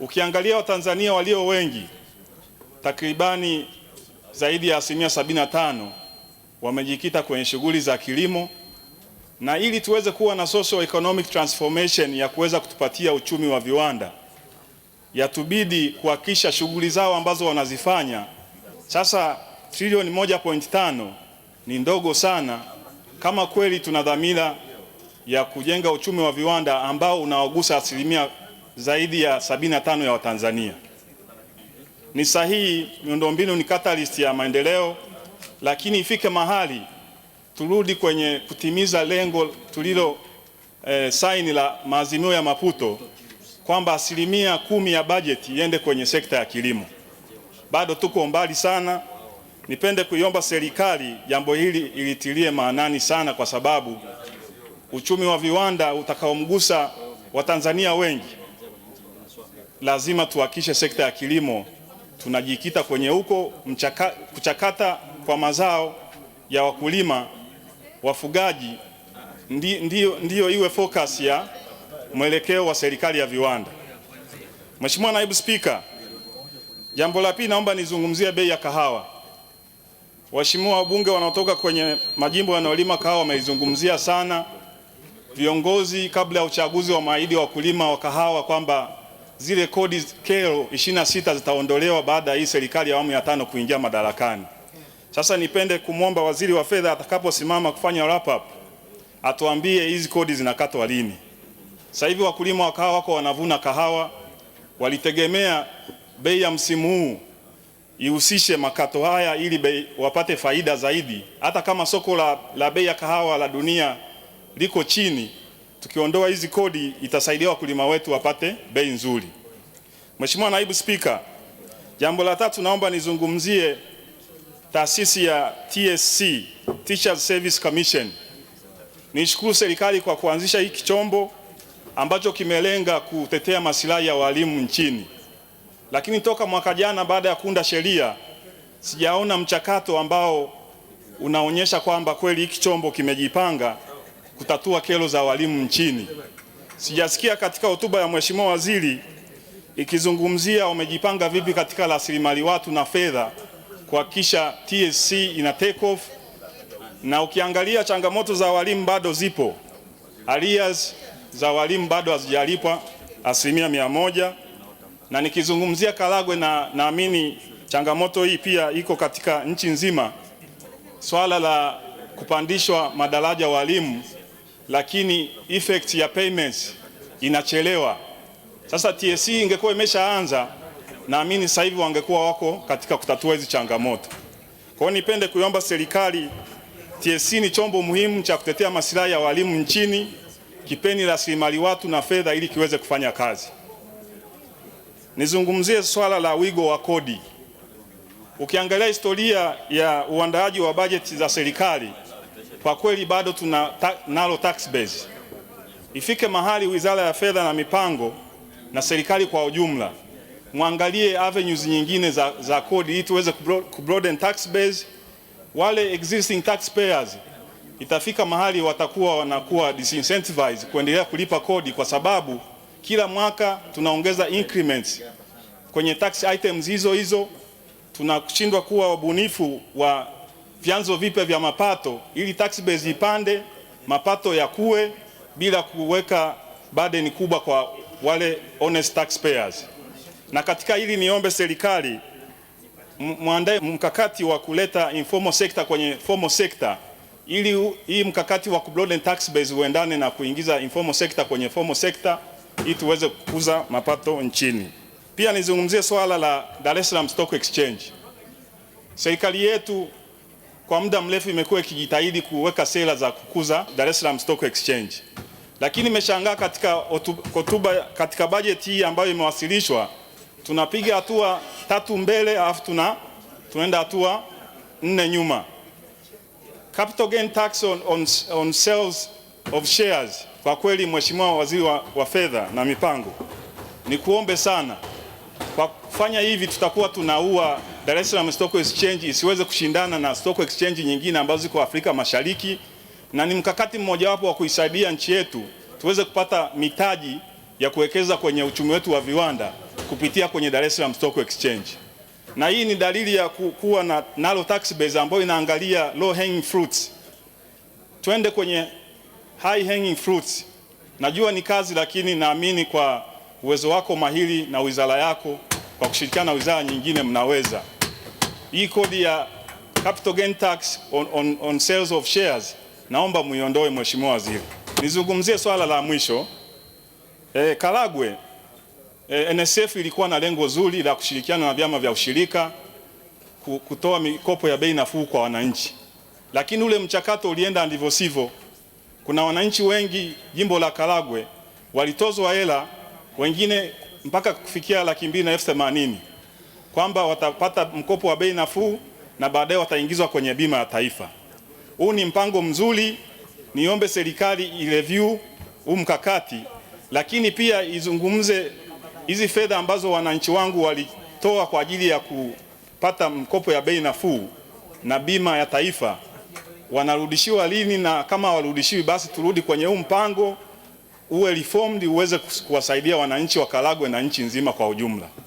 Ukiangalia Watanzania walio wengi takribani zaidi ya asilimia 75 wamejikita kwenye shughuli za kilimo, na ili tuweze kuwa na social economic transformation ya kuweza kutupatia uchumi wa viwanda, yatubidi kuhakikisha shughuli zao ambazo wanazifanya sasa. Trilioni 1.5 ni ndogo sana kama kweli tuna dhamira ya kujenga uchumi wa viwanda ambao unaogusa asilimia zaidi ya 75 ya Watanzania. Ni sahihi, miundombinu ni catalyst ya maendeleo, lakini ifike mahali turudi kwenye kutimiza lengo tulilo eh, saini la maazimio ya Maputo kwamba asilimia kumi ya bajeti iende kwenye sekta ya kilimo. Bado tuko mbali sana. Nipende kuiomba serikali jambo hili ilitilie maanani sana, kwa sababu uchumi wa viwanda utakaomgusa Watanzania wengi lazima tuhakikishe sekta ya kilimo tunajikita kwenye huko kuchakata kwa mazao ya wakulima wafugaji, ndi, ndiyo, ndiyo iwe focus ya mwelekeo wa serikali ya viwanda. Mheshimiwa Naibu Spika, jambo la pili naomba nizungumzie bei ya kahawa. Waheshimiwa wabunge wanaotoka kwenye majimbo yanayolima kahawa wameizungumzia sana. Viongozi kabla ya uchaguzi wa wa wakulima wa kahawa kwamba zile kodi kero 26 zitaondolewa baada ya hii serikali ya awamu ya tano kuingia madarakani. Sasa nipende kumwomba waziri wa fedha atakaposimama kufanya wrap up atuambie hizi kodi zinakatwa lini. Sasa hivi wakulima wa kahawa wako wanavuna kahawa, walitegemea bei ya msimu huu ihusishe makato haya ili bei, wapate faida zaidi, hata kama soko la, la bei ya kahawa la dunia liko chini tukiondoa hizi kodi itasaidia wakulima wetu wapate bei nzuri. Mheshimiwa Naibu Spika, jambo la tatu naomba nizungumzie taasisi ya TSC, Teachers Service Commission. Nishukuru serikali kwa kuanzisha hiki chombo ambacho kimelenga kutetea masilahi ya walimu nchini, lakini toka mwaka jana baada ya kuunda sheria sijaona mchakato ambao unaonyesha kwamba kweli hiki chombo kimejipanga kutatua kero za walimu nchini. Sijasikia katika hotuba ya Mheshimiwa Waziri ikizungumzia wamejipanga vipi katika rasilimali watu na fedha kuhakikisha TSC ina take off, na ukiangalia changamoto za walimu bado zipo, alias za walimu bado hazijalipwa asilimia mia moja, na nikizungumzia Karagwe na naamini changamoto hii pia iko katika nchi nzima, swala la kupandishwa madaraja walimu lakini effect ya payments inachelewa. Sasa TSC e ingekuwa imeshaanza, naamini sasa hivi wangekuwa wako katika kutatua hizi changamoto. Kwa hiyo nipende kuiomba serikali, TSC e ni chombo muhimu cha kutetea masilahi ya walimu nchini, kipeni rasilimali watu na fedha ili kiweze kufanya kazi. Nizungumzie swala la wigo wa kodi. Ukiangalia historia ya uandaaji wa bajeti za serikali kwa kweli bado tuna ta, nalo tax base. Ifike mahali Wizara ya Fedha na Mipango na serikali kwa ujumla mwangalie avenues nyingine za, za kodi ili tuweze kubroaden tax base. Wale existing taxpayers itafika mahali watakuwa wanakuwa disincentivized kuendelea kulipa kodi, kwa sababu kila mwaka tunaongeza increments kwenye tax items hizo hizo, tunashindwa kuwa wabunifu wa vyanzo vipya vya mapato ili tax base ipande, mapato yakue bila kuweka burden kubwa kwa wale honest taxpayers. Na katika hili niombe serikali mwandae mkakati wa kuleta informal sector kwenye formal sector ili hii mkakati wa kubroaden tax base uendane na kuingiza informal sector kwenye formal sector ili tuweze kukuza mapato nchini. Pia nizungumzie swala la Dar es Salaam Stock Exchange. Serikali yetu kwa muda mrefu imekuwa ikijitahidi kuweka sera za kukuza Dar es Salaam Stock Exchange, lakini nimeshangaa katika hotuba, katika bajeti hii ambayo imewasilishwa tunapiga hatua tatu mbele alafu tuna tunaenda hatua nne nyuma. Capital gain tax on, on, on sales of shares. Kwa kweli Mheshimiwa Waziri wa, wa Fedha na Mipango, ni kuombe sana kwa kufanya hivi tutakuwa tunaua Dar es Salaam Stock Exchange isiweze kushindana na stock exchange nyingine ambazo ziko Afrika Mashariki, na ni mkakati mmojawapo wa kuisaidia nchi yetu tuweze kupata mitaji ya kuwekeza kwenye uchumi wetu wa viwanda kupitia kwenye Dar es Salaam Stock Exchange, na hii ni dalili ya kuwa na nalo tax base ambayo inaangalia low hanging fruits. Twende kwenye high hanging fruits. Najua ni kazi, lakini naamini kwa uwezo wako mahiri na wizara yako kwa kushirikiana na wizara nyingine mnaweza hii kodi ya capital gain tax on, on, on sales of shares naomba muiondoe, mheshimiwa waziri. Nizungumzie swala la mwisho e, Karagwe e, eh, NSF ilikuwa na lengo zuri la kushirikiana na vyama vya ushirika kutoa mikopo ya bei nafuu kwa wananchi, lakini ule mchakato ulienda ndivyo sivyo. Kuna wananchi wengi jimbo la Karagwe walitozwa hela, wengine mpaka kufikia laki mbili na elfu themanini kwamba watapata mkopo wa bei nafuu na baadaye wataingizwa kwenye bima ya taifa. Huu ni mpango mzuri, niombe serikali ireview huu mkakati, lakini pia izungumze hizi fedha ambazo wananchi wangu walitoa kwa ajili ya kupata mkopo ya bei nafuu na bima ya taifa wanarudishiwa lini, na kama warudishiwi basi turudi kwenye huu mpango uwe reformed uweze kuwasaidia wananchi wa Karagwe na nchi nzima kwa ujumla.